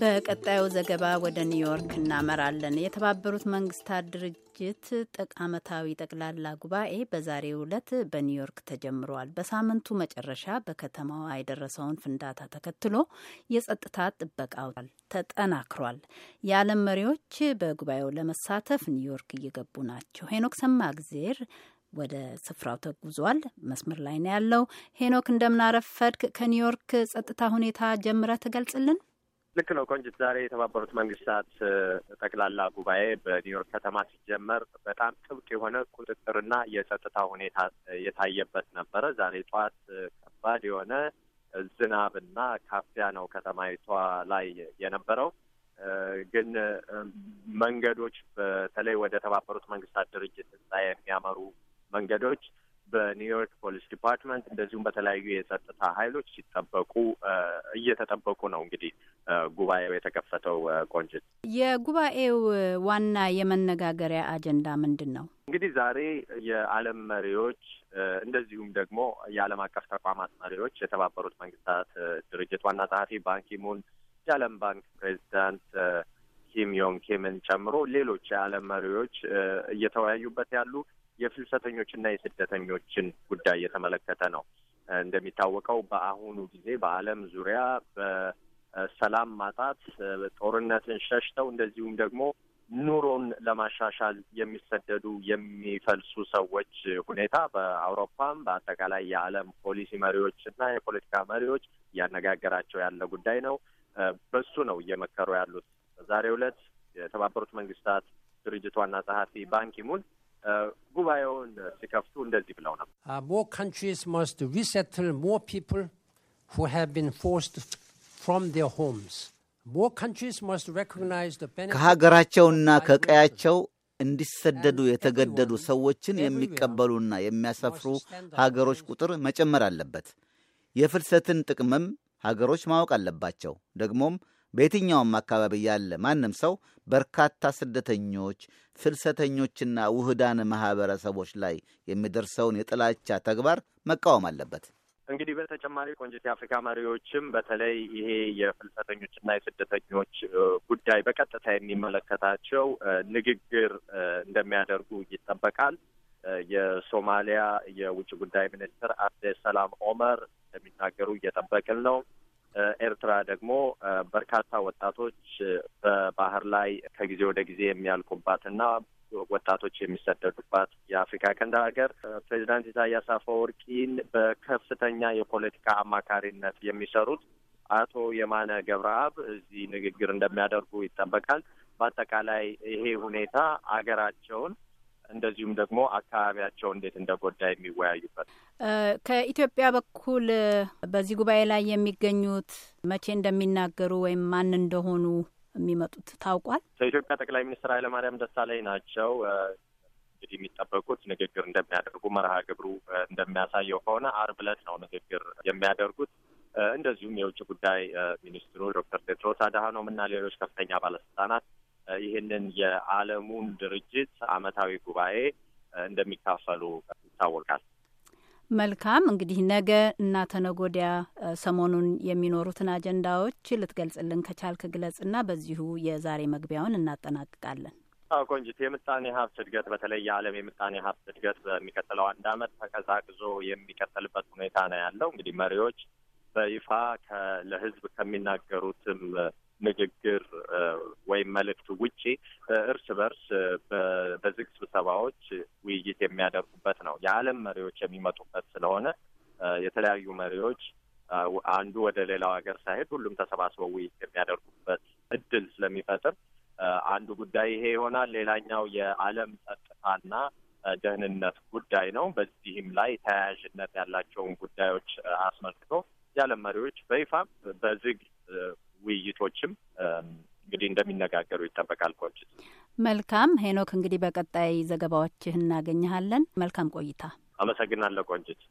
በቀጣዩ ዘገባ ወደ ኒውዮርክ እናመራለን። የተባበሩት መንግስታት ድርጅት ዓመታዊ ጠቅላላ ጉባኤ በዛሬው ዕለት በኒውዮርክ ተጀምሯል። በሳምንቱ መጨረሻ በከተማዋ የደረሰውን ፍንዳታ ተከትሎ የጸጥታ ጥበቃው ተጠናክሯል። የዓለም መሪዎች በጉባኤው ለመሳተፍ ኒውዮርክ እየገቡ ናቸው። ሄኖክ ሰማእግዜር ወደ ስፍራው ተጉዟል። መስመር ላይ ነው ያለው። ሄኖክ እንደምናረፈድክ ከኒውዮርክ ጸጥታ ሁኔታ ጀምረ ትገልጽልን። ልክ ነው ቆንጅት። ዛሬ የተባበሩት መንግስታት ጠቅላላ ጉባኤ በኒውዮርክ ከተማ ሲጀመር በጣም ጥብቅ የሆነ ቁጥጥርና የጸጥታ ሁኔታ የታየበት ነበረ። ዛሬ ጠዋት ከባድ የሆነ ዝናብና ካፊያ ነው ከተማይቷ ላይ የነበረው። ግን መንገዶች በተለይ ወደ ተባበሩት መንግስታት ድርጅት ህንፃ የሚያመሩ መንገዶች በኒውዮርክ ፖሊስ ዲፓርትመንት እንደዚሁም በተለያዩ የጸጥታ ኃይሎች ሲጠበቁ እየተጠበቁ ነው። እንግዲህ ጉባኤው የተከፈተው ቆንጅት፣ የጉባኤው ዋና የመነጋገሪያ አጀንዳ ምንድን ነው? እንግዲህ ዛሬ የዓለም መሪዎች እንደዚሁም ደግሞ የዓለም አቀፍ ተቋማት መሪዎች የተባበሩት መንግስታት ድርጅት ዋና ጸሐፊ ባንኪሙን፣ የዓለም ባንክ ፕሬዚዳንት ኪም ዮንግ ኪምን ጨምሮ ሌሎች የዓለም መሪዎች እየተወያዩበት ያሉ የፍልሰተኞችና የስደተኞችን ጉዳይ የተመለከተ ነው። እንደሚታወቀው በአሁኑ ጊዜ በዓለም ዙሪያ በሰላም ማጣት ጦርነትን ሸሽተው እንደዚሁም ደግሞ ኑሮን ለማሻሻል የሚሰደዱ የሚፈልሱ ሰዎች ሁኔታ በአውሮፓም በአጠቃላይ የዓለም ፖሊሲ መሪዎች እና የፖለቲካ መሪዎች እያነጋገራቸው ያለ ጉዳይ ነው። በሱ ነው እየመከሩ ያሉት። በዛሬው ዕለት የተባበሩት መንግስታት ድርጅት ዋና ጸሐፊ ባንኪሙን ጉባኤውን ሲከፍቱ እንደዚህ ብለው ነበር። ሞ ካንትሪስ መስት ሪሴትል ሞር ፒፕል ሁ ሃቭ ቢን ፎርስድ ፍሮም ዴር ሆምስ ከሀገራቸውና ከቀያቸው እንዲሰደዱ የተገደዱ ሰዎችን የሚቀበሉና የሚያሰፍሩ ሀገሮች ቁጥር መጨመር አለበት። የፍልሰትን ጥቅምም ሀገሮች ማወቅ አለባቸው። ደግሞም በየትኛውም አካባቢ ያለ ማንም ሰው በርካታ ስደተኞች፣ ፍልሰተኞችና ውህዳን ማህበረሰቦች ላይ የሚደርሰውን የጥላቻ ተግባር መቃወም አለበት። እንግዲህ በተጨማሪ ቆንጆት የአፍሪካ መሪዎችም በተለይ ይሄ የፍልሰተኞችና የስደተኞች ጉዳይ በቀጥታ የሚመለከታቸው ንግግር እንደሚያደርጉ ይጠበቃል። የሶማሊያ የውጭ ጉዳይ ሚኒስትር አብደ ሰላም ኦመር እንደሚናገሩ እየጠበቅን ነው። ኤርትራ ደግሞ በርካታ ወጣቶች በባህር ላይ ከጊዜ ወደ ጊዜ የሚያልቁባትና ወጣቶች የሚሰደዱባት የአፍሪካ ቀንድ ሀገር ፕሬዚዳንት ኢሳያስ አፈወርቂን በከፍተኛ የፖለቲካ አማካሪነት የሚሰሩት አቶ የማነ ገብረአብ እዚህ ንግግር እንደሚያደርጉ ይጠበቃል። በአጠቃላይ ይሄ ሁኔታ አገራቸውን እንደዚሁም ደግሞ አካባቢያቸው እንዴት እንደጎዳ የሚወያዩበት ከኢትዮጵያ በኩል በዚህ ጉባኤ ላይ የሚገኙት መቼ እንደሚናገሩ ወይም ማን እንደሆኑ የሚመጡት ታውቋል። ከኢትዮጵያ ጠቅላይ ሚኒስትር ኃይለማርያም ደሳለኝ ናቸው እንግዲህ የሚጠበቁት ንግግር እንደሚያደርጉ መርሃ ግብሩ እንደሚያሳየው ከሆነ አርብ ዕለት ነው ንግግር የሚያደርጉት። እንደዚሁም የውጭ ጉዳይ ሚኒስትሩ ዶክተር ቴድሮስ አድሃኖም እና ሌሎች ከፍተኛ ባለስልጣናት ይህንን የዓለሙን ድርጅት አመታዊ ጉባኤ እንደሚካፈሉ ይታወቃል። መልካም እንግዲህ ነገ እና ተነጎዲያ ሰሞኑን የሚኖሩትን አጀንዳዎች ልትገልጽልን ከቻልክ ግለጽና በዚሁ የዛሬ መግቢያውን እናጠናቅቃለን። አዎ ቆንጂት፣ የምጣኔ ሀብት እድገት በተለይ የዓለም የምጣኔ ሀብት እድገት በሚቀጥለው አንድ ዓመት ተቀዛቅዞ የሚቀጥልበት ሁኔታ ነው ያለው። እንግዲህ መሪዎች በይፋ ለህዝብ ከሚናገሩትም ንግግር ወይም መልእክት ውጪ እርስ በርስ በዝግ ስብሰባዎች ውይይት የሚያደርጉበት ነው። የዓለም መሪዎች የሚመጡበት ስለሆነ የተለያዩ መሪዎች አንዱ ወደ ሌላው ሀገር ሳይሄድ ሁሉም ተሰባስበው ውይይት የሚያደርጉበት እድል ስለሚፈጥር አንዱ ጉዳይ ይሄ ይሆናል። ሌላኛው የዓለም ጸጥታና ደህንነት ጉዳይ ነው። በዚህም ላይ ተያያዥነት ያላቸውን ጉዳዮች አስመልክቶ የዓለም መሪዎች በይፋ በዝግ ውይይቶችም እንግዲህ እንደሚነጋገሩ ይጠበቃል። ቆንጅት መልካም ሄኖክ፣ እንግዲህ በቀጣይ ዘገባዎችህ እናገኘሃለን። መልካም ቆይታ። አመሰግናለሁ ቆንጅት።